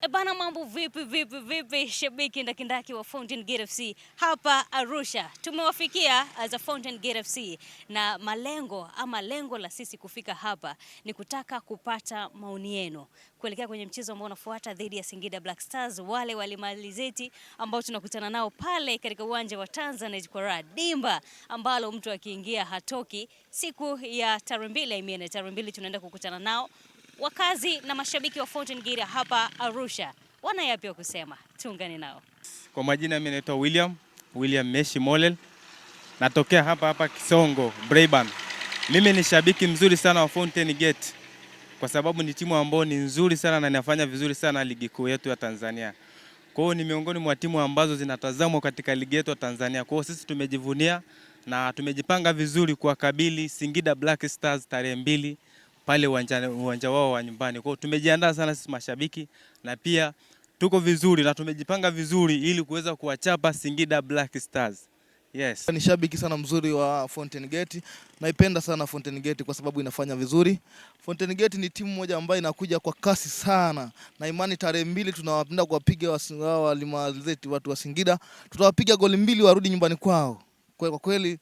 Ebana, eh mambo vipi vipi vipi, shabiki ndakindaki wa Fountain Gate FC hapa Arusha, tumewafikia as a Fountain Gate FC na malengo ama lengo la sisi kufika hapa ni kutaka kupata maoni yenu kuelekea kwenye mchezo ambao unafuata dhidi ya Singida Black Stars, wale walimalizeti ambao tunakutana nao pale katika uwanja wa Tanzanite kwa dimba ambalo mtu akiingia hatoki. Siku ya tarehe mbili, I mean tarehe mbili tunaenda kukutana nao Wakazi na mashabiki wa Fountain Gate hapa Arusha wana yapi ya kusema? Tuungane nao. Kwa majina mimi naitwa William William Meshi Molel, natokea hapa hapa Kisongo Braeburn. Mimi ni shabiki mzuri sana wa Fountain Gate kwa sababu ni timu ambayo ni nzuri sana na inafanya vizuri sana ligi kuu yetu ya Tanzania. Kwa hiyo ni miongoni mwa timu ambazo zinatazamwa katika ligi yetu ya Tanzania. Kwa hiyo sisi tumejivunia na tumejipanga vizuri kuwakabili Singida Black Stars tarehe mbili pale uwanja, uwanja wao wa nyumbani kwao. Tumejiandaa sana sisi mashabiki na pia tuko vizuri na tumejipanga vizuri ili kuweza kuwachapa Singida Black Stars. Yes. Ni shabiki sana mzuri wa Fountain Gate. Naipenda sana Fountain Gate kwa sababu inafanya vizuri. Fountain Gate ni timu moja ambayo inakuja kwa kasi sana na imani, tarehe mbili tunawapenda kuwapiga walimazeti watu wa Singida, tutawapiga goli mbili warudi nyumbani kwao. Kwa kweli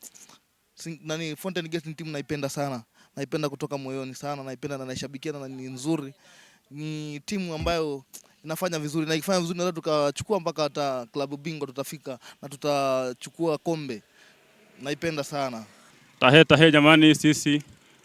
nani Fountain Gate ni timu naipenda sana, naipenda kutoka moyoni sana, naipenda na naishabikia na ni nzuri, ni timu ambayo inafanya vizuri na ikifanya vizuri naweza tukachukua mpaka hata klabu bingwa tutafika na tutachukua kombe, naipenda sana. Tahe tahe jamani, sisi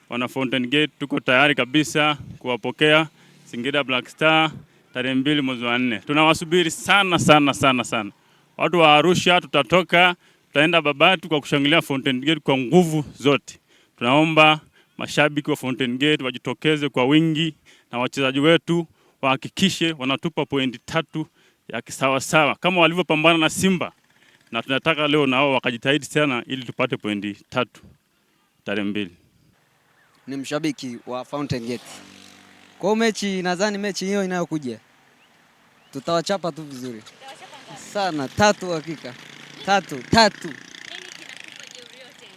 wana Fountain Gate tuko tayari kabisa kuwapokea Singida Black Star tarehe mbili mwezi wa nne. Tunawasubiri sana sana sana sana, watu wa Arusha tutatoka tutaenda Babati kwa kushangilia Fountain Gate kwa nguvu zote. Tunaomba mashabiki wa Fountain Gate wajitokeze kwa wingi na wachezaji wetu wahakikishe wanatupa pointi tatu ya kisawasawa kama walivyopambana na Simba, na tunataka leo nao wakajitahidi sana ili tupate pointi tatu tarehe mbili. Ni mshabiki wa Fountain Gate. Kwa mechi nadhani mechi hiyo inayokuja tutawachapa tu vizuri sana tatu hakika tatu tatu.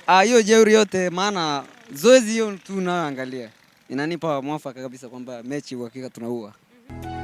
Ah, hiyo jeuri yote, maana zoezi hiyo tu unayoangalia inanipa mwafaka kabisa kwamba mechi uhakika tunaua. mm -hmm.